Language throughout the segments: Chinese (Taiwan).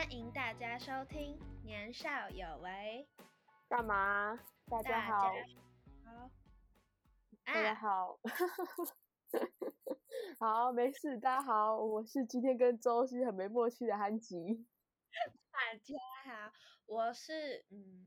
歡迎大家收聽《年少有為》。幹嘛？大家好。好家。大家好。啊、 好，沒事。大家好，我是今天跟周深很沒默契的憨吉。大家好，我是嗯。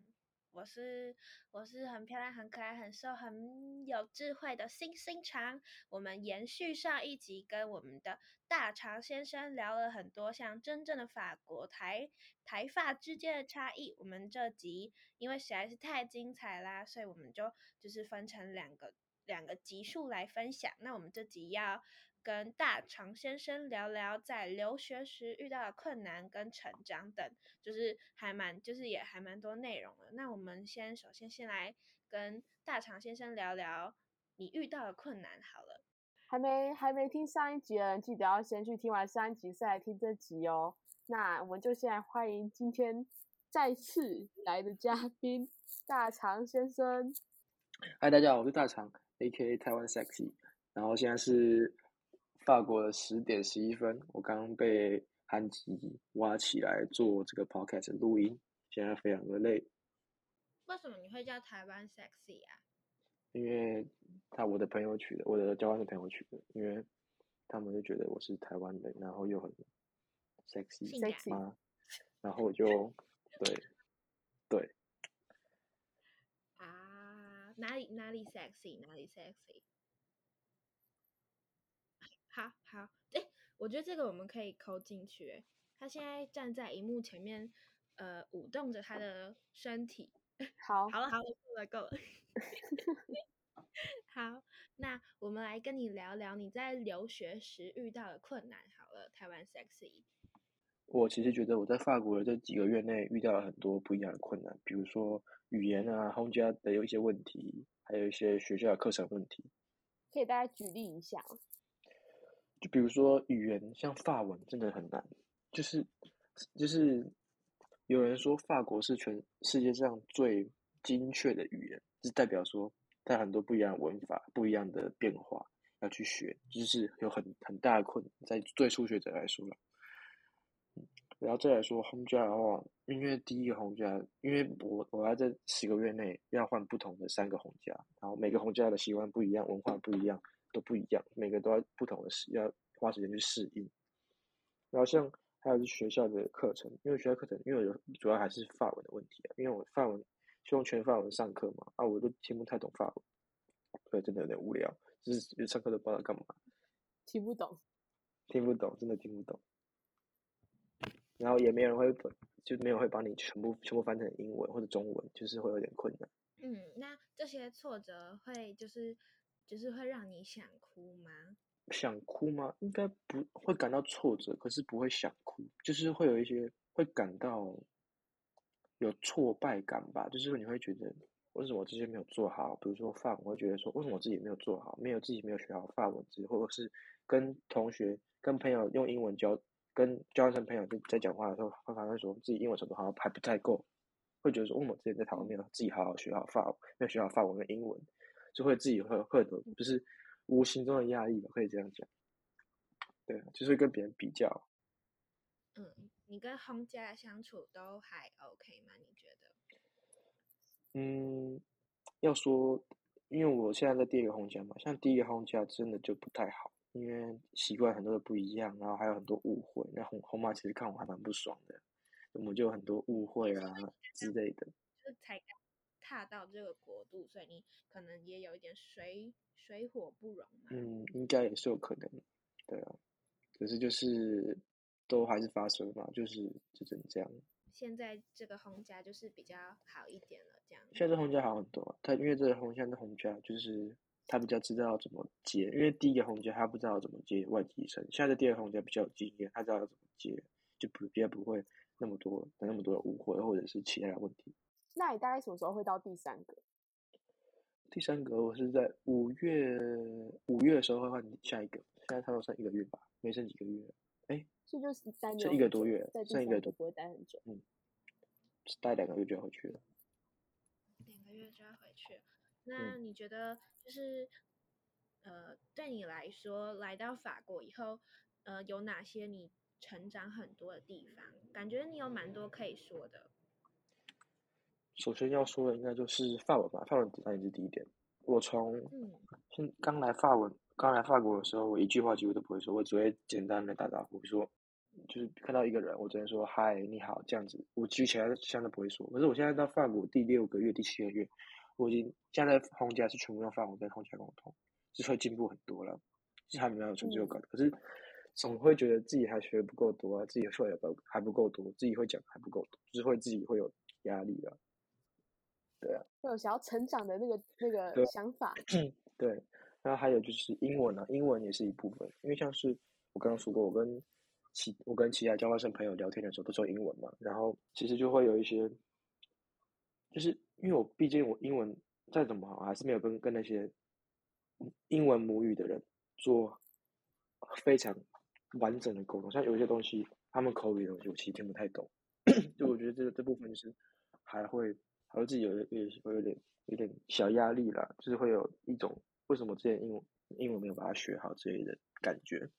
我是我是很漂亮、很可愛、很瘦、很有智慧的鑫鑫腸。我們延續上一集，跟我們的大腸先生聊了很多，像真正的法國台、台法之間的差異。我們這集因為實在是太精彩啦，所以我們就就是分成兩個兩個集數來分享。那我們這集要。跟大腸先生聊聊在留學時遇到的困難跟成長等，就是還蠻就是也還蠻多內容的。那我們先首先先來跟大腸先生聊聊你遇到的困難好了。還沒還沒聽上一集的人，記得要先去聽完上一集，再來聽這集哦。那我們就先來歡迎今天再次來的嘉賓大腸先生。嗨，大家好，我是大腸，A.K.A. Taiwan Sexy，然後現在是。法國的十點十一分，我剛被安吉挖起來做這個 podcast 錄音，現在非常的累。為什麼你會叫台灣 sexy 啊？因為他我的朋友取的，我的交換的朋友取的，因為他們就覺得我是台灣人，然後又很 sexy，sexy，然後我就對對啊、uh，哪裡，哪裡 sexy，哪裡 sexy。好好，哎、欸，我覺得這個我們可以摳進去。他現在站在螢幕前面，呃，舞動着他的身體。好，好了，好了，夠了，夠了。好，那我們來跟你聊聊你在留學時遇到的困難。好了，台灣 Sexy。我其實覺得我在法國的這幾個月內遇到了很多不一樣的困難，比如說語言啊，還有 home 家的有一些問題，還有一些學校的課程問題。可以大家舉例一下。就比如說語言，像法文真的很難，就是就是有人說法國是全世界上最精確的語言，就是代表說它很多不一樣的文法、不一樣的變化要去學，就是有很很大的困難在對初學者來說。然後再來說 home 家的話，因為第一個 home 家，因為我我在十個月內要換不同的三個 home 家，然後每個 home 家的習慣不一樣，文化不一樣。都不一樣，每個都要不同的事，要花時間去適應。然後像還有就是學校的課程，因為學校課程，因為我主要還是法文的問題啊，因為我法文，希望全法文上課嘛，啊，我都聽不太懂法文，所以真的有點無聊，就是上課都不知道幹嘛，聽不懂，聽不懂，真的聽不懂。然後也沒有人會本，就沒有人會把你全部全部翻成英文或者中文，就是會有點困難。嗯，那這些挫折會就是。就是會讓你想哭嗎？想哭嗎？應該不會感到挫折，可是不會想哭，就是會有一些會感到有挫敗感吧。就是說你會覺得，為什麼我之前沒有做好？比如說法，我會覺得說，為什麼我自己沒有做好？沒有自己沒有學好法文，或者是跟同學、跟朋友用英文交，跟交換生朋友在在講話的時候，他發現說，自己英文什麼好還不太夠，會覺得說，為什麼之前在台灣沒有自己好好學好法，沒有學好法文跟英文。就會自己會會的，就是無形中的壓抑吧，可以這樣講。對，就是跟別人比較。嗯，你跟 home 家相處都還 OK 嗎？你覺得？嗯，要說，因為我現在在第二個 home 家嘛，像第一個 home 家真的就不太好，因為習慣很多的不一樣，然後還有很多誤會。那紅紅媽其實看我還蠻不爽的，我們就有很多誤會啊之類的。差到這個國度，所以你可能也有一點水水火不容。嗯，應該也是有可能，對啊。可是就是都還是發生嘛，就是就只能這樣。現在這個 home 家就是比較好一點了，這樣。現在這 home 家好很多，啊，他因為這 home 家的 home 家就是他比較知道怎麼接，因為第一個 home 家他不知道怎麼接外籍生，現在的第二個 home 家比較有經驗，他知道要怎麼接，就不應該不會那麼多那麼多的誤會或者是其他的問題。那你大概什麼時候會到第三個？第三個我是在五月，五月的時候會換下一個。現在差不多算一個月吧，沒剩幾個月。哎、欸，這就是三，就一個多月，剩一個都不會待很久。嗯，待兩個月就要回去了。兩、嗯、個月就要回去，那你覺得就是呃，對你來說，來到法國以後，呃，有哪些你成長很多的地方？感覺你有蠻多可以說的。首先要說的應該就是法文吧，法文當然是第一點。我從先剛來法文，剛來法國的時候，我一句話幾乎都不會說，我只會簡單的打招呼，說就是看到一個人，我只能說嗨，你好這樣子。我舉起來相對不會說，可是我現在到法國第六個月、第七個月，我已經現在 home 家是全部用法文跟 home 家溝通，是會進步很多了，是還沒有成就感，嗯、可是總會覺得自己還學不夠多，自己說的還不夠多，自己會講還不夠多，就是會自己會有壓力了。對啊，會有想要成長的那個那個想法。對，嗯，然後還有就是英文啊，英文也是一部分。因為像是我剛剛說過，我跟其我跟其他交換生朋友聊天的時候，都說英文嘛。然後其實就會有一些，就是因為我畢竟我英文再怎麼好，還是沒有跟跟那些英文母語的人做非常完整的溝通。像有一些東西，他們口語的東西，我其實聽不太懂。 就我覺得這 這部分就是還會。還會自己有有有點有點小壓力啦，就是會有一種為什麼之前英文英文沒有把它學好之類的感覺。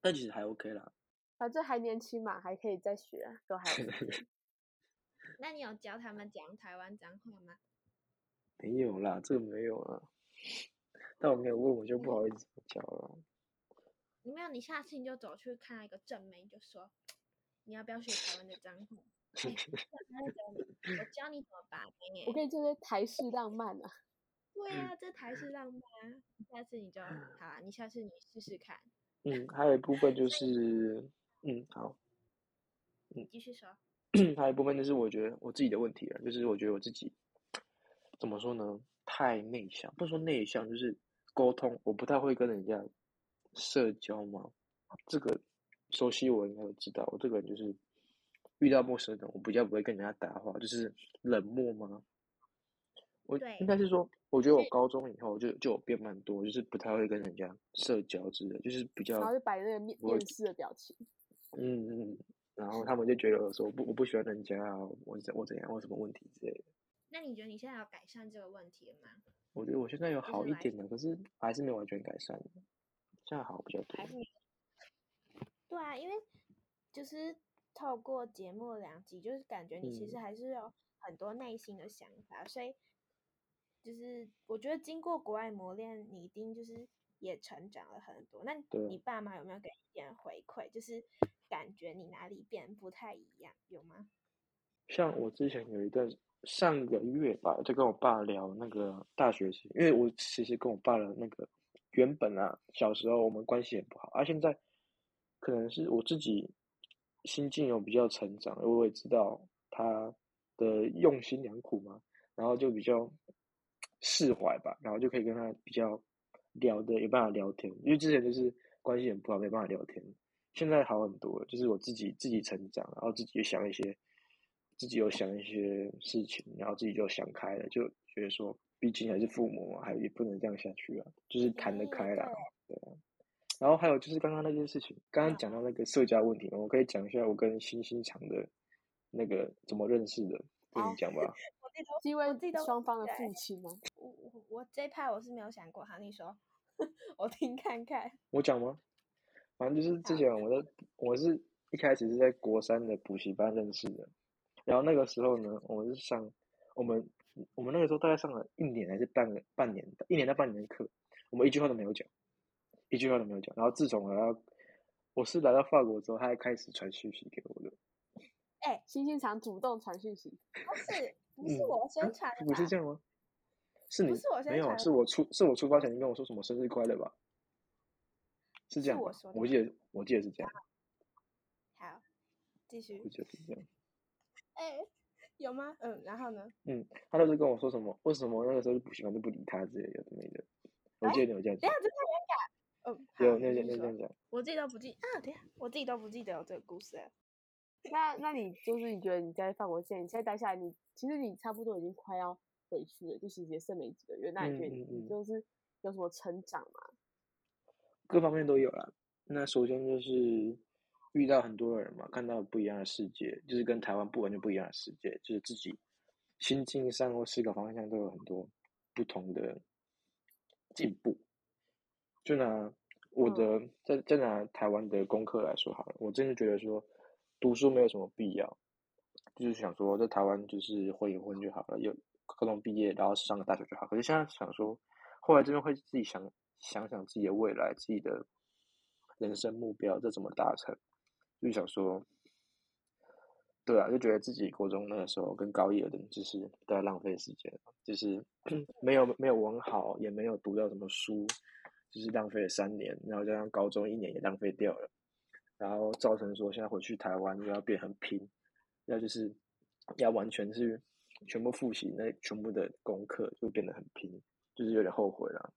但其實還 OK 啦。反正，啊，還年輕嘛，還可以再學，啊，都還、OK。 那你有教他們講台灣髒話嗎？沒有啦，這個沒有啦。但我沒有問，我就不好意思教了。嗯，你沒有，你下次你就走去看那個正妹，就說你要不要學台灣的髒話。 欸、我教你怎麼辦，我可以這些台式浪漫啊。對啊，這台式浪漫，下次你教，好、啊，你下次你試試看。嗯，還有一部分就是，以嗯，好，嗯，你繼續說。還有一部分就是我覺得我自己的問題啊，就是我覺得我自己怎麼說呢？太內向，不說內向，就是溝通，我不太會跟人家社交嘛。這個熟悉我應該都知道，我這個人就是。遇到陌生人，我比較不會跟人家搭話，就是冷漠嗎？對我應該是說，我覺得我高中以後就以就我變蠻多，就是不太會跟人家社交之類，就是比較，然後是面面試的表情，嗯嗯，然後他們就覺得我說我不我不喜歡人家，我怎我怎樣我什麼問題之類的。那你覺得你現在要改善這個問題嗎？我覺得我現在有好一點了，是可是還是沒有完全改善，現在好比較多。對啊，因為就是。透過節目兩集，就是感覺你其實還是有很多內心的想法，嗯、所以就是我覺得經過國外磨練，你一定就是也成長了很多。那你爸媽有沒有給一點回饋？對就是感覺你哪裡變不太一樣，有嗎？像我之前有一段上個月吧，就跟我爸聊那個大學時，因為我其實跟我爸的那個原本啊，小時候我們關係也不好，而、啊、現在可能是我自己。心境有比較成長，因為我也知道他的用心良苦嘛，然後就比較釋懷吧，然後就可以跟他比較聊的有辦法聊天，因為之前就是關係很不好，沒辦法聊天，現在好很多，就是我自己自己成長，然後自己想一些自己有想一些事情，然後自己就想開了，就覺得說，畢竟還是父母嘛，還也不能這樣下去啊，就是談得開了，對然後還有就是剛剛那件事情，剛剛講到那個社交問題，啊、我可以講一下我跟鑫鑫腸的那個怎麼認識的，啊、跟你講吧。因為雙方的父親嗎？對我我我這一派我是沒有想過，哈，你說，我聽看看。我講嗎？反正就是之前我的好我是一開始是在國三的補習班認識的，然後那個時候呢，我們是上我們我們那個時候大概上了一年還是半個半年，一年到半年的課，我們一句話都沒有講。一句話都沒有講，然後自從我要，我是來到法國之後，他還開始傳訊息給我的。哎、欸，鑫鑫腸主動傳訊息，不是不是我先傳、嗯啊，不是這樣嗎？是你不是我先傳？沒有啊，是我出是我出發前你跟我說什麼生日快樂吧？是這樣，是我說的我記得我記得是這樣。好，繼續。我覺得是這樣。哎、欸，有嗎？嗯，然後呢？嗯，他都是跟我說什麼？為什麼那個時候不喜歡都不理他之類的？的、那個？欸、我記得你有這樣子。好有，那講那說我自己都不記啊，對啊，我自己都不記得有這個故事、啊。 那那你就是你覺得你在法國線，你現在待下來你，你其實你差不多已經快要回去了，就其實剩沒幾個月。那你覺得你就是嗯嗯嗯有什麼成長嗎、啊？各方面都有了。那首先就是遇到很多人嘛，看到不一樣的世界，就是跟台灣完全不一樣的世界，就是自己心境上或思考方向都有很多不同的進步。嗯、就拿。我的在在拿台灣的功課來說好了，我真的覺得說讀書沒有什麼必要，就是想說在台灣就是混一混就好了，有高中畢業然後上個大學就好。可是現在想說，後來真的會自己想想想自己的未來，自己的人生目標再怎麼達成？就是、想說，對啊，就覺得自己國中那個時候跟高一的人就是在浪費時間，就是沒有沒有玩好，也沒有讀到什麼書。就是浪費了三年，然後加上高中一年也浪費掉了，然後造成說現在回去台灣又要變很拼，要就是要完全是全部複習那全部的功課，就變得很拼，就是有點後悔了。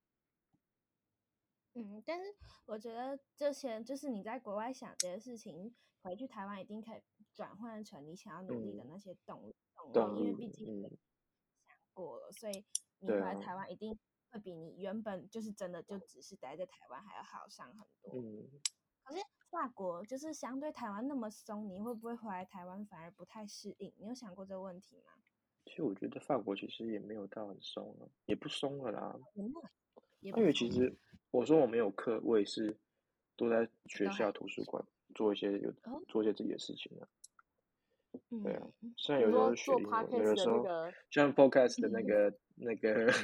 嗯，但是我覺得這些就是你在國外想這些事情，回去台灣一定可以轉換成你想要努力的那些動力，嗯、理因為畢竟想過了，嗯、所以你回來台灣一定、啊。會比你原本就是真的就只是待在台灣還要好上很多。嗯，可是法國就是相對台灣那麼鬆，你會不會回來台灣反而不太適應？你有想過這個問題嗎？其實我覺得法國其實也沒有到很鬆了，也不鬆了啦。嗯、了因為其實我說我沒有課，我也是都在學校圖書館、嗯、做一些有、哦、做一些自己的事情啊。嗯、對啊，像有時候學做 podcast 的那個，像 focus 的那個 那個。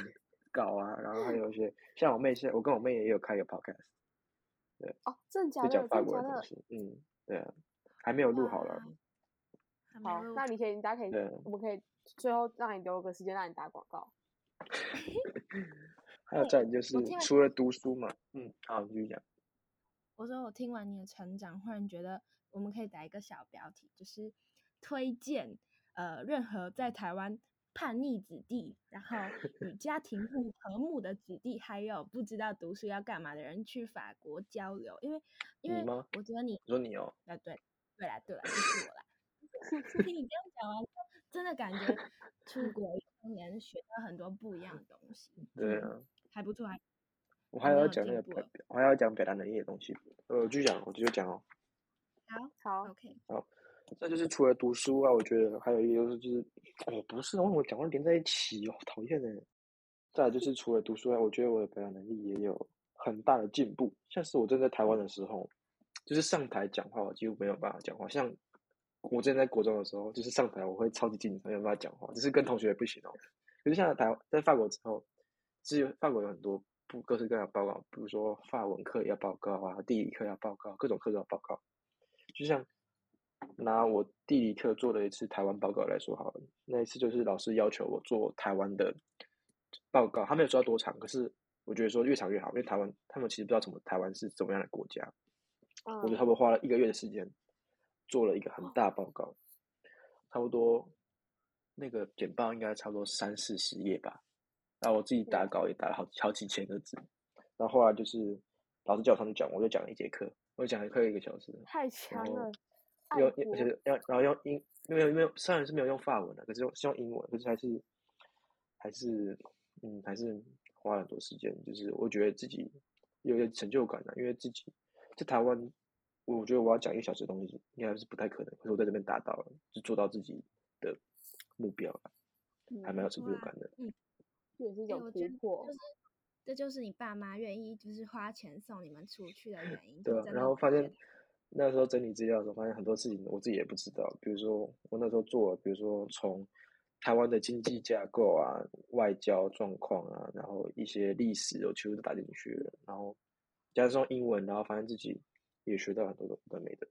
搞啊，然後還有一些、嗯、像我妹現在，現我跟我妹也有開個 podcast，對哦，真的假的？講法國的東西，嗯，對、啊、還沒有錄好了，有、啊、好，啊、那你可以，你大家可以，對我們可以最後讓你留個時間，讓你打廣告。 欸、還有再就是除了讀書嘛，我聽聽嗯，好就這樣。我說我聽完你的成長，忽然覺得我們可以打一個小標題，就是推薦呃，任何在台灣。叛逆子弟，然後與家庭不和睦的子弟，還有不知道讀書要幹嘛的人去法國交流，因為因為嗎我覺得你說你哦，啊對，對啦對啦，就是我啦。所以你這樣講完，就真的感覺出國一年學到很多不一樣的東西。 嗯、對啊，還不錯，還我還要講那個我還要講表達能力的東西。呃，我繼續講，我繼續講哦。好，好，OK，好。Okay. 好再就是除了讀書啊，我覺得還有一個優勢就是，哦、哎，不是，為什麼講話連在一起哦，討厭嘞！再就是除了讀書啊，我覺得我的表達能力也有很大的進步。像是我正在台灣的時候，就是上台講話，我幾乎沒有辦法講話。像我之前在國中的時候，就是上台，我會超級緊張，沒有辦法講話。只是跟同學也不行哦。可是上了台在法國之後，至於法國有很多不各式各樣的報告，比如說法文課要報告啊，地理課要報告啊，各種課都要報告，就像，拿我地理課做了一次台灣報告來說好了，那一次就是老師要求我做台灣的報告，他沒有說要多長，可是我覺得說越長越好，因為台灣他們其實不知道怎麼台灣是怎麼樣的國家，嗯、我就差不多花了一個月的時間做了一個很大報告，差不多那個簡報應該差不多三四十頁吧，然後我自己打稿也打了好好幾千個字，嗯、然後後來就是老師叫他們講，我就講了一節課，我就講了一課一個小時，太強了。有，有，有，要然後用英沒有因為，雖然是沒有用法文的、啊，可是用是用英文，可、就是還是還是嗯還是花很多時間。就是我覺得自己有點成就感的、啊，因為自己在台灣，我覺得我要講一小時的東西應該是不太可能，可是我在這邊達到了，就做到自己的目標了、啊，嗯、還蠻有成就感的。嗯，這也是一種突破，就是這就是你爸媽願意就是花錢送你們出去的原因。對，然後發現。那時候整理資料的時候，發現很多事情我自己也不知道。比如說我那時候做了，比如說從台灣的經濟架構啊、外交狀況啊，然後一些歷史，我全部都打進去了，然後加上英文，然後發現自己也學到很多的美的，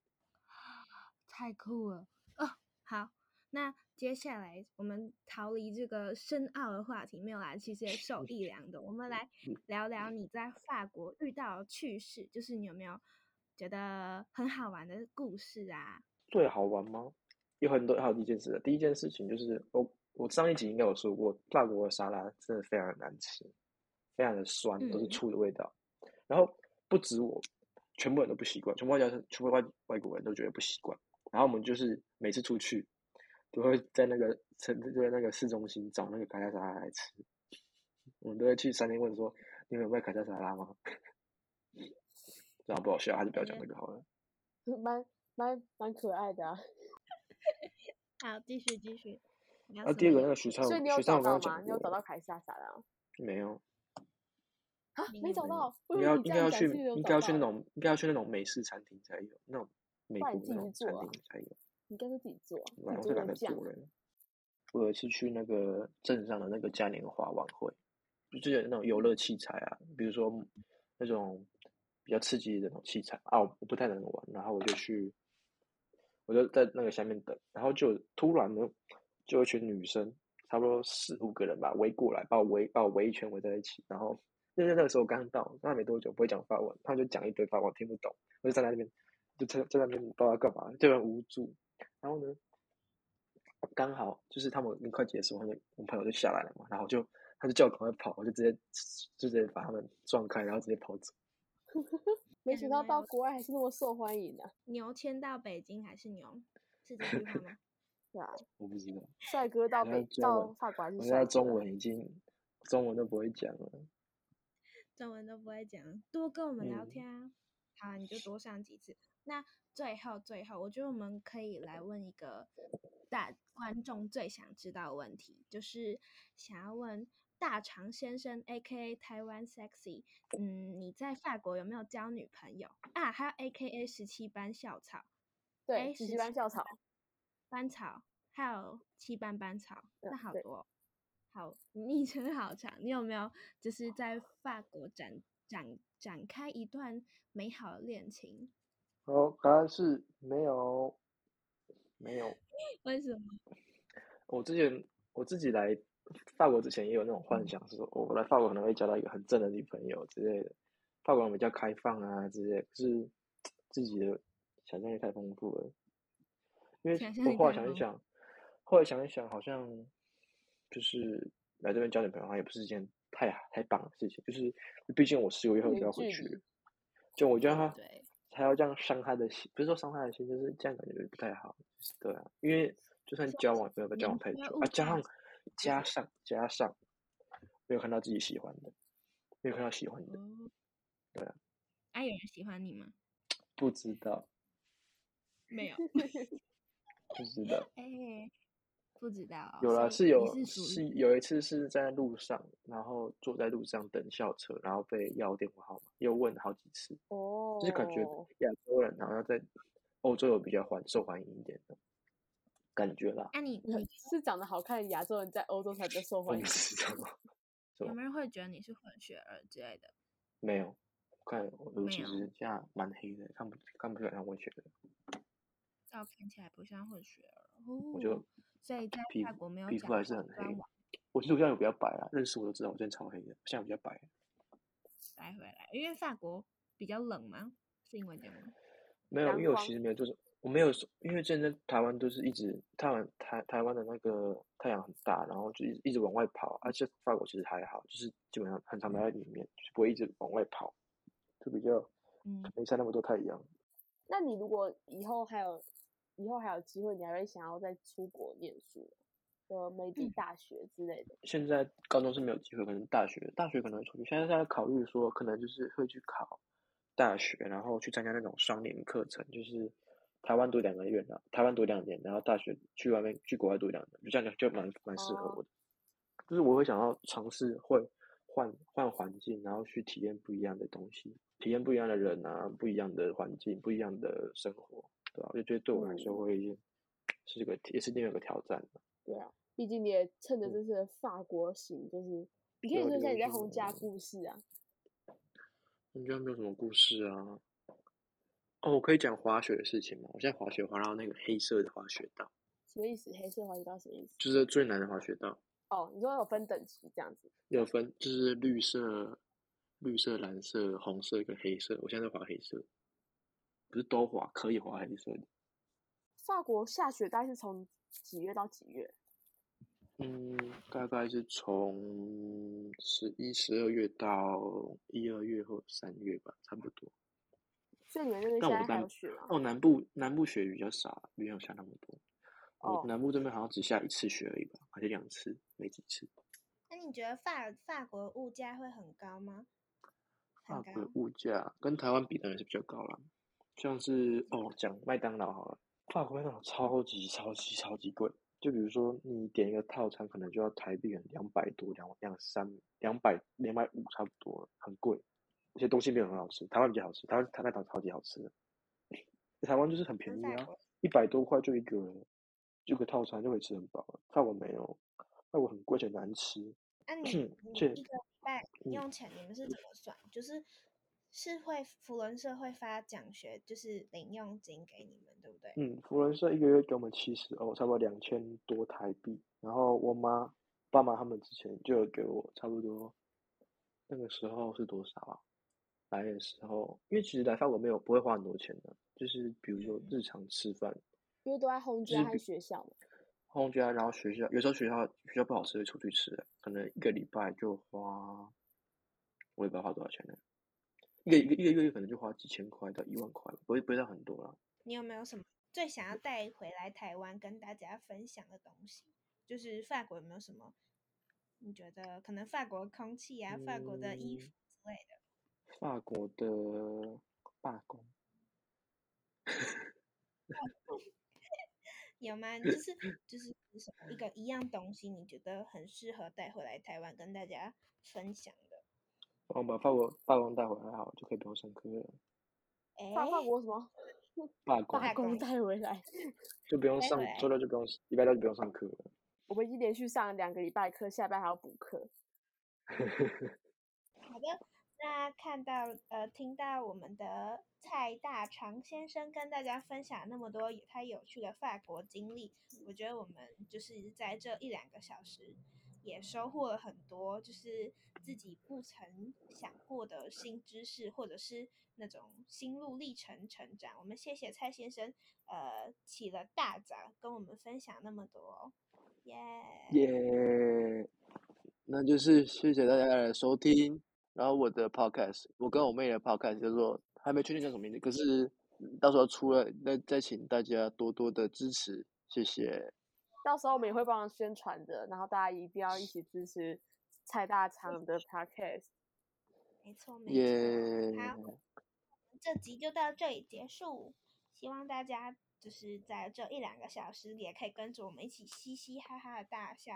太酷了哦，好，那接下來我們逃離這個深奧的話題，沒有啦，其實也受益良多的， 我們來聊聊你在法國遇到的趣事，就是你有沒有？覺得很好玩的故事啊，最好玩嗎？有很多，還有第一件事，第一件事情就是我，我上一集應該有說過，法國的沙拉真的非常的難吃，非常的酸，都是醋的味道。嗯、然後不止我，全部人都不習慣，全部外加，全部外外國人都覺得不習慣。然後我們就是每次出去，都會在那個城，就在那個市中心找那個凱薩沙拉來吃。 我們都會去餐廳問說，你們有賣凱薩沙拉嗎？然後不好笑，還是不要講那個好了。蠻蠻蠻，蠻可愛的、啊。 好，繼續繼續。那、啊、第二個那個徐燦，徐燦到剛剛你有找到凱撒啥，啥、啊、沒有。啊？沒找到？要應該要去，應該要去那種，應該要去那種美式餐廳才有，那種美國那種餐廳才有。應該是自己做、啊。那個多我是去那個鎮上的那個嘉年華晚會，就是那種遊樂器材啊，比如說那種。比較刺激的那種器材啊，我不太能玩，然後我就去，我就在那個下面等，然後就突然呢，就一群女生，差不多四五個人吧，圍過來，把我圍，把我圍一圈圍在一起。然後，因為就是那個時候我剛到，那沒多久，不會講法文，他們就講一堆法文，我聽不懂。我就站在那邊，就在在那邊不知道要幹嘛，特別無助。然後呢，剛好就是他們快結束他我們朋友就下來了嘛，然後就他就叫趕快跑，我就直接就直接把他們撞開，然後直接跑走。 沒想到到國外還是那麼受歡迎的，啊嗯嗯，牛牽到北京還是牛，是這句話嗎？ 啊，我不知道。帥哥到北到發我現中文已經中文都不會講了，中文都不會講，多跟我們聊天啊。嗯，好，你就多上幾次。那最後最後，我覺得我們可以來問一個大觀眾最想知道的問題，就是想要問。大腸先生 （A.K.A. 台灣 sexy），嗯，你在法國有沒有交女朋友啊？還有 A.K.A. 十七班校草，對，欸、十七班校草，班草，還有七班班草，啊、那好多、哦，對好，昵稱好長。你有沒有就是在法國展展展開一段美好戀情？哦，答案是沒有，沒有。 為什麼？我之前我自己來。法國之前也有那種幻想說，說、哦、我來法國可能會交到一個很正的女朋友之類的，法國人比較開放啊之類，可是自己的想象也太豐富了。因為我後來想一想，後來想一想，好像就是來這邊交女朋友，好像也不是一件太太棒的事情。就是畢竟我十個月後就要回去，就我覺得他他要,要這樣傷他的心，不是說傷他的心，就是這樣感覺不太好。對啊，因為就算交往沒有交往太久，啊加上。加上加上，加上，沒有看到自己喜歡的，沒有看到喜歡的，嗯、對啊，阿、啊、有人喜歡你嗎？不知道，沒有 不、欸，不知道，哦，不知道，有啦以是有是，是有一次是在路上，然後坐在路上等校車，然後被要電話號碼，又問了好幾次，哦，就是感覺亞洲人好像在歐洲有比較歡受歡迎一點的。感覺了。那、啊、你你是長得好看，亞洲人在歐洲才最受歡迎 是嗎？是有沒有人會覺得你是混血兒之類的？沒有，我看我尤其是現在蠻黑的，有看不看不出來像混血的。我看起來不像混血兒，我就所以在法國沒有，皮膚還是很黑。我其實我有比較白啦、啊啊，認識我都知道我真的超黑的，現在比較白。白回來，因為法國比較冷嗎？是因為這樣嗎、嗯？沒有，因為我其實沒有，就是。我沒有說，因為現在台灣都是一直太陽台、台灣的那個太陽很大，然後就一直一直往外跑，而且法國其實還好，就是基本上很常待在裡面，就是，不會一直往外跑，就比較、嗯，沒曬那麼多太陽。那你如果以後還有以後還有機會，你還會想要再出國念書，就美帝大學之類的？嗯，現在高中是沒有機會，可能大學大學可能會出去。現在在考慮說，可能就是會去考大學，然後去參加那種雙聯課程，就是，台灣讀兩個月啦，台灣讀兩年，然後大學去外面去國外讀兩年，就這樣就，就蠻蠻適合我的。啊、就是我會想要嘗試，會換換環境，然後去體驗不一樣的東西，體驗不一樣的人啊，不一樣的環境，不一樣的生活，對吧？就覺得對我來說，我已經是一個、嗯、是一個也是另一,一個挑戰了。對啊，畢竟你也趁着就是法國行，嗯、就是你可以說一下你在洪家故事啊。啊，應該沒有什麼故事啊。哦，我可以講滑雪的事情嗎？我現在滑雪滑到那個黑色的滑雪道。什麼意思？黑色滑雪道什麼意思？就是最難的滑雪道。哦，你說有分等級這樣子？有分，就是綠色、綠色、藍色、紅色跟黑色。我現在在滑黑色，不是都滑可以滑黑色的。法國下雪大概是從幾月到幾月？嗯，大概是從十一、十二月到一二月或三月吧，差不多。但我在哦，南部南部，雪比較少，沒有下那麼多。哦，南部這邊好像只下一次雪而已吧，還是兩次，沒幾次。那、啊、你覺得法法國的物價會很高嗎？高法國物價跟台灣比當然是比較高啦，像是哦講麥當勞好了，法國麥當勞超級超級超級貴，就比如說你點一個套餐，可能就要台幣兩百多，兩兩三兩百兩百五差不多，很貴。這些東西沒有很好吃，台灣比較好吃，台灣台灣島超級好吃，台灣就是很便宜啊，一百多塊就一個就一個套餐就可以吃很飽了。泰國沒有，泰國很貴且難吃。嗯這、啊、你 一個禮拜零用錢你們是怎麼算？嗯、就是是會扶輪社會發獎學就是零用金給你們，對不對？嗯，扶輪社一個月給我們七十歐，差不多兩千多台幣。然後我媽爸媽他們之前就有給我差不多那個時候是多少啊？啊來的時候，因為其實來法國沒有不會花很多錢的，就是比如說日常吃飯，因為都在 home 家還是學校嘛，home 家然後學校，有時候學校學校不好吃會出去吃的，可能一個禮拜就花，我也不知道花多少錢呢，一個一個一個月可能就花幾千塊到一萬塊，不會不會到很多啦，啊。你有沒有什麼最想要帶回來台灣跟大家分享的東西？就是法國有沒有什麼？你覺得可能法國空氣啊，嗯，法國的衣服之類的。法國的罷工， 有嗎？就是就是一個一樣東西，你覺得很適合帶回來台灣跟大家分享的？我們、哦、把法國罷工帶回來好，好就可以不用上課了。把、哎、法國什麼罷工，罷工帶回來，就不用上週六就不用禮拜六就不用上課了。我們一連續上兩個禮拜課，下禮拜還要補課。 好的。那看到呃，聽到我們的蔡大腸先生跟大家分享那麼多也太有趣的法國經歷，我覺得我們就是在這一兩個小時也收穫了很多，就是自己不曾想過的新知識，或者是那種心路歷程成長。我們謝謝蔡先生，呃，起了大早跟我們分享那麼多，耶、yeah，耶，yeah, 那就是謝謝大家的收聽。然後我的 podcast，我跟我妹，妹的 podcast 叫做，還沒確定叫什麼名字，可是到時候出了，那再，再請大家多多的支持，謝謝。到時候我們也會幫忙宣傳的，然後大家一定要一起支持蔡大腸的 podcast，沒錯沒錯。耶，Yeah. 好，這集就到這裡結束，希望大家就是在這一兩個小時裡也可以跟着我們一起嘻嘻哈哈的大笑。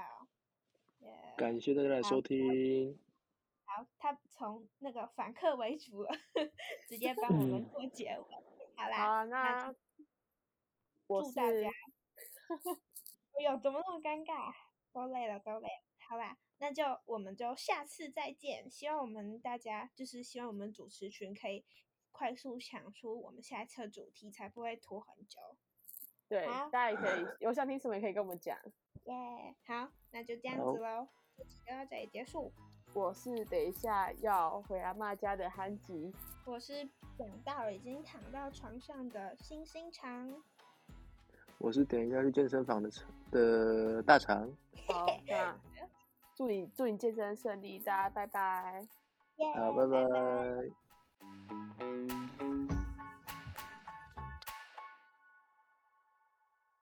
Yeah. 感謝大家的收聽。好，他從那個反客為主，直接幫我們破解。好啦， 好那,那祝大家。哎呦我是， 怎麼那麼尷尬啊？都累了，都累了。好啦，那就我們就下次再見。希望我們大家就是希望我們主持群可以快速想出我們下一次主題，才不會拖很久。對，好大家也可以，嗯，有想聽什麼也可以跟我們講。耶，yeah, 好，那就這樣子嘍，Hello. 就到這裡結束。我是等一下要回阿媽家的憨吉。我是等到已經躺到床上的鑫鑫腸。我是等一下去健身房的的大腸。好，那祝你祝你健身順利的，拜拜。Yeah, 好，拜拜。Bye bye。